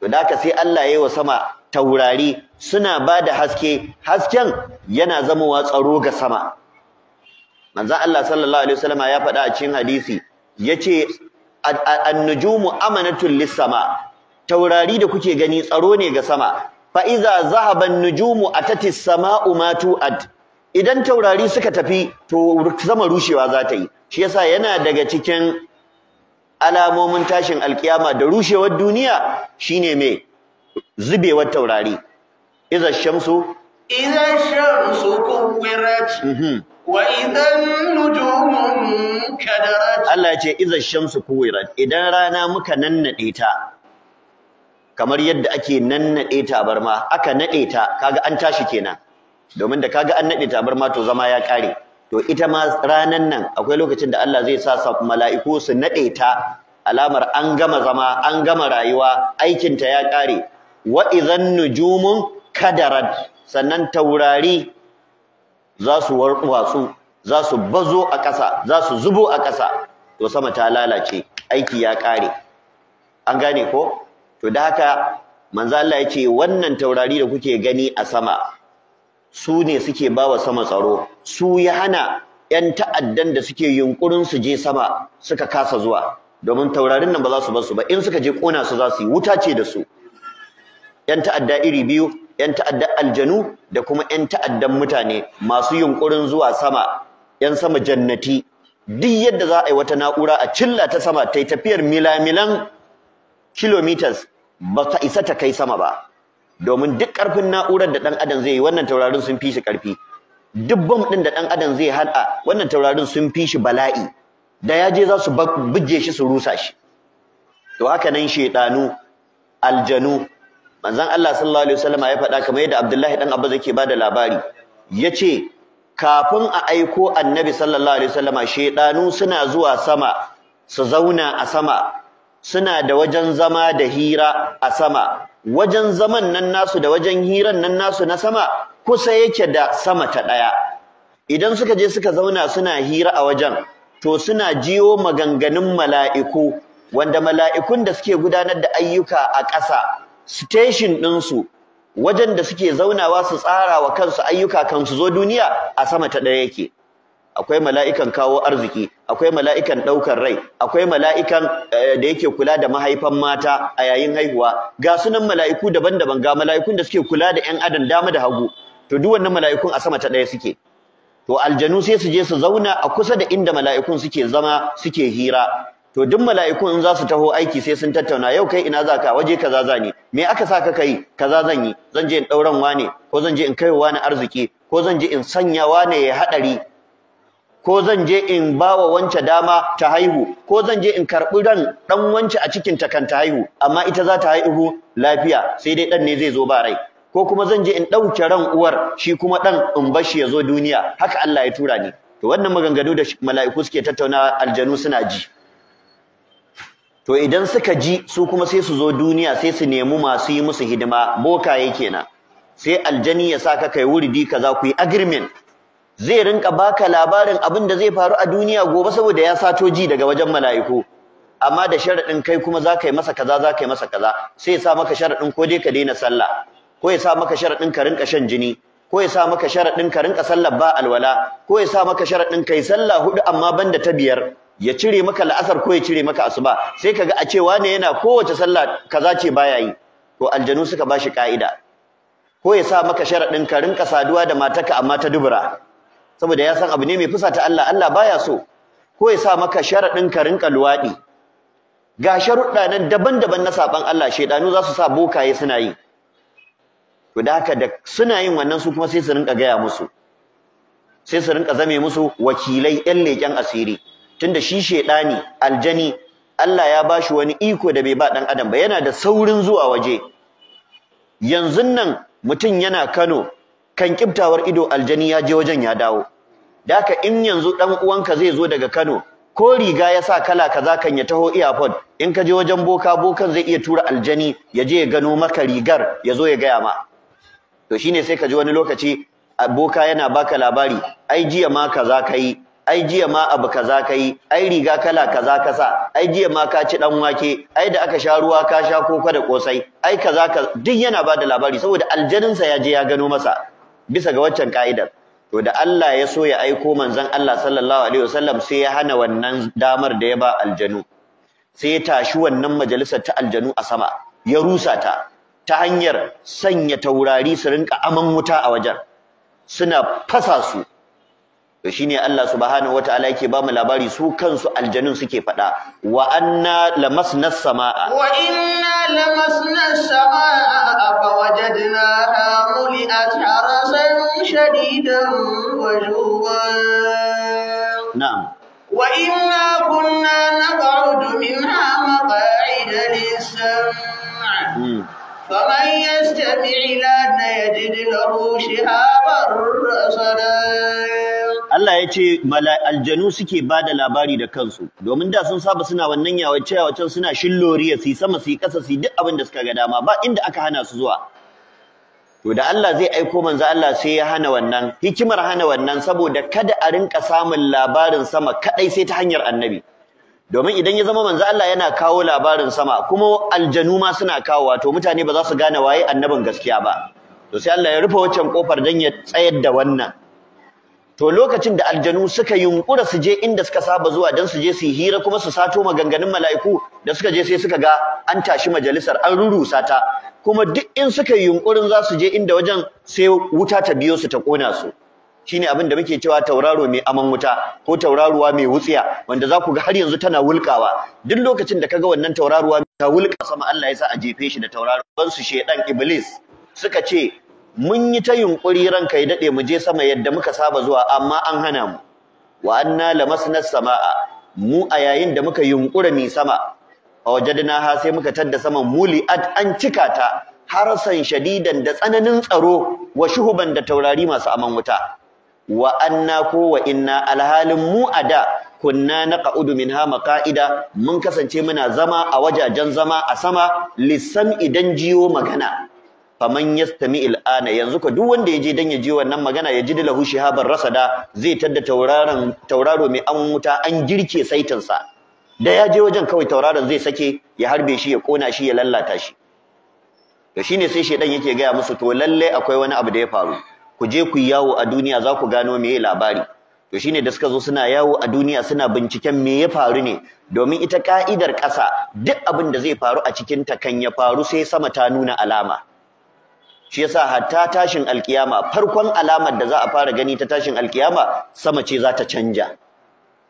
to da haka sai Allah ya yi wa sama taurari suna ba da haske hasken yana zamowa tsaro ga sama manzo Allah sallallahu alaihi wasallam ya faɗa a cikin hadisi yace an-nujumu amanatul lis-sama taurari da kuke gani tsaro ne ga sama fa iza zahaba an-nujumu sama'u ma tu'ad idan taurari suka tafi to zama rushewa za ta yi shi yasa yana daga cikin alamomin tashin alkiyama da rushewar duniya shine me zubewar taurari iza shamsu iza shamsu kuwirat mhm. wa idan nujumun kadarat Allah ya ce iza shamsu kuwirat idan rana muka nannade ta kamar yadda ake nannade barma, aka nade ta kaga an tashi kenan domin da kaga an nade barma to zama ya kare to ita ma ranan nan akwai lokacin da Allah zai sa mala'iku su nade ta alamar an gama zama an gama rayuwa aikinta ya kare wa idhan nujumun kadarat sannan taurari za su warwatsu za su bazo a ƙasa za su zubo a ƙasa to sama ta lalace aiki ya ƙare an gane ko to da haka manzo Allah yake wannan taurari da kuke gani a sama su ne suke bawa sama tsaro su ya hana 'yan ta'addan da suke yunkurin su je sama suka kasa zuwa domin taurarin nan ba za su bar su ba in suka je kona su za su yi wuta ce da su yan ta'adda iri biyu yan ta'adda aljanu da kuma yan ta'addan mutane masu yunkurin zuwa sama yan sama jannati duk yadda za a yi wata na'ura a cilla ta sama ta yi tafiyar milamilan kilometers ba ta isa ta kai sama ba domin duk ƙarfin na'urar da ɗan adam zai yi wannan taurarin sun fi shi ƙarfi duk bom ɗin da ɗan adam zai haɗa wannan taurarin sun fi shi bala'i da ya je za su buje shi su rusa shi to haka nan shaiɗanu aljanu manzon Allah sallallahu alaihi wasallam ya faɗa kamar yadda Abdullahi dan Abbas yake bada labari yace kafin a aiko annabi sallallahu alaihi wasallam shedanu suna zuwa sama su zauna a sama suna da wajen zama da hira a sama wajen zaman nan nasu da wajen hiran nan nasu na sama kusa yake da sama ta daya idan suka je suka zauna suna hira a wajen to suna jiyo maganganun mala'iku wanda mala'ikun da suke gudanar da ayyuka a ƙasa station ɗinsu wajen da suke zaunawa su tsara wa kansu ayyuka kan su zo duniya a sama ta ɗaya yake akwai mala'ikan kawo arziki akwai mala'ikan ɗaukar rai akwai mala'ikan eh, da yake kula da mahaifan mata a yayin haihuwa ga sunan mala'iku daban-daban ga mala'ikun da suke kula da 'yan adam dama da hagu to duk wannan mala'ikun a sama ta ɗaya suke to aljanu sai su je su zauna a kusa da inda mala'ikun suke zama suke hira to duk mala'iku in za su taho aiki sai sun tattauna yau kai ina za ka waje kaza za ne me aka sa ka kai kaza zan yi zan je in ɗauran wane ko zan je in kai wane arziki ko zan je in sanya wane ya haɗari ko zan je in ba wa wance dama ta haihu ko zan je in karbi ran dan wance a cikin ta kan ta haihu amma ita za ta haihu lafiya sai dai ɗan ne zai zo ba rai ko kuma zan je in ɗauke ran uwar shi kuma ɗan in bashi ya zo duniya haka Allah ya tura ni to wannan maganganu da mala'iku suke tattaunawa aljanu suna ji to idan suka ji su kuma sai su zo duniya sai su nemi masu yi musu hidima Boka yake kenan sai aljani ya sa saka kai wuridi kaza ku yi agreement zai rinka baka labarin abin da zai faru a duniya gobe saboda ya sato ji daga wajen mala'iku amma da sharaɗin kai kuma za ka yi masa kaza za ka yi masa kaza sai ya sa maka sharaɗin ko dai ka daina sallah ko ya sa maka sharaɗin ka rinka shan jini ko ya sa maka sharaɗin ka rinka sallar ba alwala ko ya sa maka sharaɗin kai sallah hudu amma banda ta biyar ya cire maka la'asar ko ya cire maka asuba sai kaga a cewa ne yana kowace sallah kaza ce baya yi to aljanu suka bashi ka'ida ko ya sa maka sharadin ka rinka saduwa da mataka amma ta dubura saboda ya san abu ne mai ta Allah Allah baya so ko ya sa maka sharadin ka rinka luwadi ga sharuɗa nan daban-daban na saban Allah shedanu za su sa bokaye suna yi to da haka da suna yin wannan su kuma sai su rinka gaya musu sai su rinka zame musu wakilai 'yan leƙen asiri tunda shi shedani aljani Allah ya ba shi wani iko da bai ba dan adam ba yana da saurin zuwa waje yanzu nan mutum yana Kano kan kiftawar ido aljani ya je wajen ya dawo daka in yanzu dan uwanka zai zo daga Kano ko riga ya sa kala kaza kan ya taho airport in ka je wajen boka bokan zai iya tura aljani ya je ya gano maka rigar ya zo ya gaya ma to shine sai ka ji wani lokaci boka yana baka labari ai jiya ma kaza kai ai jiya ma abu kaza kai ai riga kala kaza kasa. ai jiya ma ka ci dan wake ai da aka sha ruwa ka sha koko da kosai ai kaza ka duk yana bada labari saboda aljanin sa ya je ya gano masa bisa ga waccan ka'idar to da Allah ya so ya aiko manzon Allah sallallahu alaihi wasallam sai ya hana wannan damar da ya ba aljanu sai ya tashi wannan majalisar ta aljanu a sama ya rusa ta ta hanyar sanya taurari su rinka aman wuta a wajen suna fasa su to shine Allah subhanahu wataala yake ba mu labari su kansu aljanun suke fada wa anna lamasna samaa wa inna lamasna samaa fa wajadnaha muli'at harasan shadidan wa juwan na'am wa inna kunna naq'udu minha maq'ida lis-sam'a فمن يستمع لنا يجد له شهابا رصدا Allah ya ce aljanu suke ba da labari da kansu domin da sun saba suna wannan yawace yawacen suna shilloriya su sama su kasa su duk abin da suka ga dama ba inda aka hana su zuwa to da Allah zai aiko manzo Allah sai ya hana wannan hikimar hana wannan saboda kada a rinka samun labarin sama kadai sai ta hanyar annabi domin idan ya zama manzo Allah yana kawo labarin sama kuma aljanu ma suna kawo wato mutane ba za su gane waye annabin gaskiya ba to sai Allah ya rufe waccan kofar dan ya tsayar da wannan to lokacin da aljanu suka yunkura su je inda suka saba zuwa dan su je su hira kuma su sato maganganun mala'iku da suka je sai suka ga an tashi majalisar an rurusa ta kuma duk in suka yunkurin za su je inda wajen sai wuta ta biyo su ta kona su shine abin da muke cewa tauraro mai aman wuta ko tauraruwa mai wutsiya wanda za ku ga har yanzu tana wulkawa duk lokacin da kaga wannan tauraruwa ta wulka sama Allah ya sa a jefe shi da tauraruwan su shedan iblis suka ce mun yi ta yunkuri ranka ya dade mu je sama yadda muka saba zuwa amma an hana mu wa anna lamasna samaa mu a yayin da muka yunkura mi sama a wajadna ha sai muka tadda saman at an cika ta san shadidan da tsananin tsaro wa shuhuban da taurari masu aman wuta wa anna ko wa inna alhalin mu ada kunna na min minha maqa'ida mun kasance muna zama a wajajen zama a sama lisam idan jiyo magana faman yastami al'ana yanzu ka duk wanda yaje dan yaje wannan magana ya da lahu shihabar rasada zai tadda tauraron tauraro mai an wuta an girke saitin sa da yaje wajen kawai tauraron zai sake ya harbe shi ya kona shi ya lallata shi to shine sai shedan yake gaya musu to lalle akwai wani abu da ya faru ku je ku yawo a duniya za ku gano meye labari to shine da suka zo suna yawo a duniya suna binciken me ya faru ne domin ita ka'idar ƙasa duk abin da zai faru a cikin ta kan ya faru sai sama ta nuna alama shi yasa hatta tashin alkiyama farkon alamar da za a fara gani ta tashin alkiyama sama ce za ta canja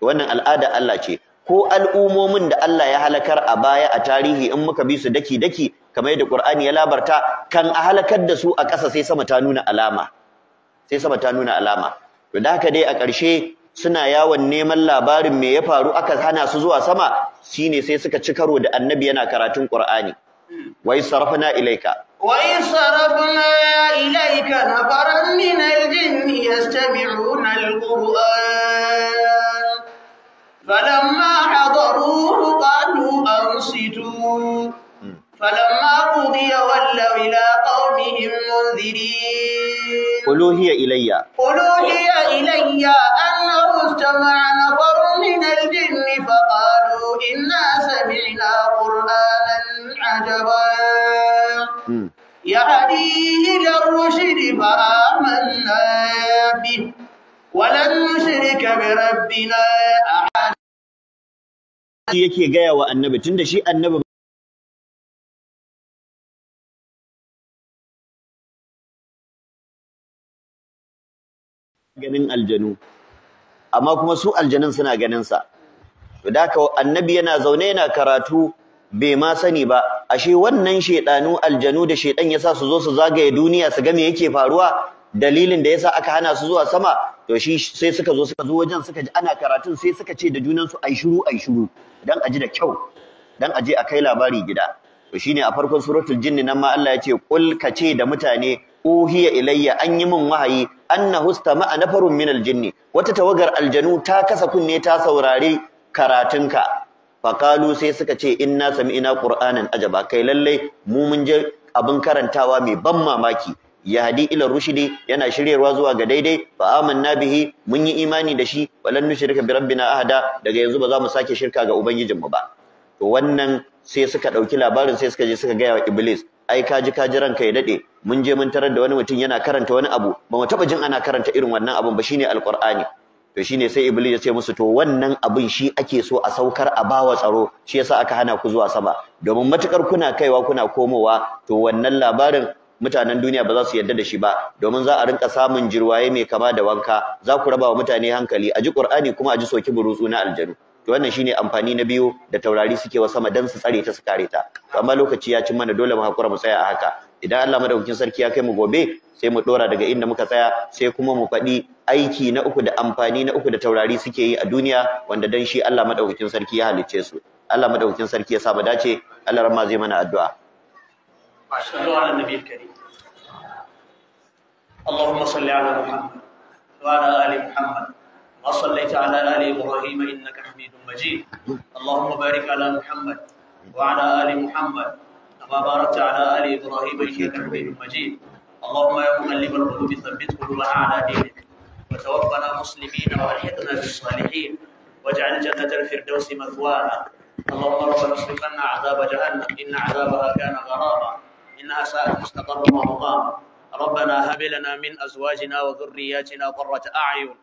wannan al'ada Allah ce ko al'umomin da Allah ya halakar a baya a tarihi in muka bi su daki daki kamar yadda Qur'ani ya labarta kan a halakar da su a ƙasa sai sama ta nuna alama sai sama ta nuna alama to da haka dai a ƙarshe suna yawon neman labarin me ya faru aka hana su zuwa sama shine sai suka ci karo da annabi yana karatun Qur'ani wai sarafna ilaika وإذ صرفنا إليك نفرا من الجن يستمعون القرآن فلما حضروه قالوا أنصتوا فلما رضي ولوا إلى قومهم منذرين قلوا هي إليّ yake gaya wa annabi tunda shi annabi ganin aljanu amma kuma su aljanun suna ganin sa to da haka annabi yana zaune yana karatu bai ma sani ba ashe wannan shedanu aljanu da shedan yasa su zo su zagaye duniya su ga me yake faruwa dalilin da yasa aka hana su zuwa sama to shi sai suka zo suka zo wajen suka ji ana karatun sai suka ce da junansu ai shiru ai shiru dan aji da kyau dan aje a kai labari gida to shine a farkon suratul jinn nan ma Allah ya ce qul ce da mutane uhiya ilayya an yi min wahayi anna na nafarun minal jinni wata tawagar aljanu ta kasa kunne ta saurare karatunka faqalu sai suka ce inna sami'na qur'anan ajaba kai lalle mu mun je abin karantawa mai ban mamaki yahdi ila Rushidi yana shiryarwa zuwa ga daidai fa amanna bihi mun yi imani da shi walan nushrika bi rabbina ahada daga yanzu ba za mu sake shirka ga ubangijin mu ba to wannan sai suka dauki labarin sai suka je suka ga wa iblis ai ka ji ka kaji ranka ya dade mun je mun tarar da wani mutum yana karanta wani abu ba mu taba jin ana karanta irin wannan abun ba shine alqur'ani to shine sai iblis ya ce musu to wannan abun shi ake so a saukar a bawa tsaro shi yasa aka hana ku zuwa sama domin matukar kuna kaiwa kuna komowa to wannan labarin mutanen duniya ba za su yarda da shi ba domin za a rinka samun jirwaye mai kama da wanka za ku raba wa mutane hankali a ji qur'ani kuma a ji soki burutsu na aljanu to wannan shine amfani na biyu da taurari suke wa sama dan su tsare ta su kare ta amma lokaci ya cin mana dole mu hakura mu tsaya a haka idan Allah madaukakin sarki ya kai mu gobe sai mu dora daga inda muka tsaya sai kuma mu faɗi aiki na uku da amfani na uku da taurari suke yi a duniya wanda dan shi Allah madaukakin sarki ya halicce su Allah madaukakin sarki ya sa dace Allah ramma zai mana addu'a صلوا على النبي الكريم اللهم صل على محمد وعلى ال محمد ما صليت على ال ابراهيم انك حميد مجيد اللهم بارك على محمد وعلى ال محمد كما باركت على ال ابراهيم انك حميد مجيد اللهم يا مقلب القلوب ثبت قلوبنا على دينك وتوفنا مسلمين والحقنا بالصالحين واجعل جنه الفردوس مثوانا اللهم ربنا اصرف عنا عذاب جهنم ان عذابها كان غرابا إنها ساءت مستقر ومقام ربنا هب لنا من أزواجنا وذرياتنا قرة أعين